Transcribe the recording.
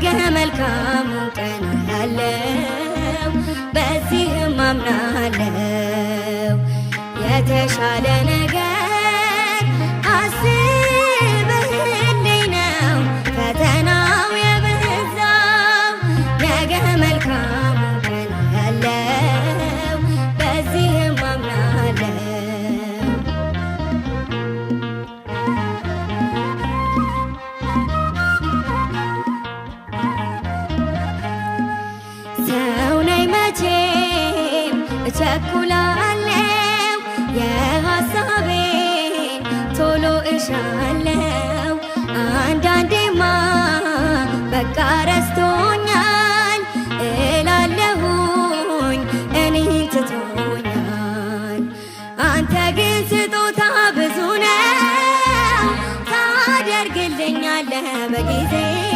ነገ መልካም ቀን አለው፣ በዚህም አምናለው የተሻለ ነገር አስበህልኝ ነው ፈተናው የበዛው ነገ መልካም እቸኩላለው የሀሳቤን ቶሎ እሻለው አንዳንዴማ በቃ ረስቶኛል እላለሁኝ እኔን ትቶኛል። አንተ ግን ስጦታ ብዙ ነው ታደርግልኛለህ በጊዜ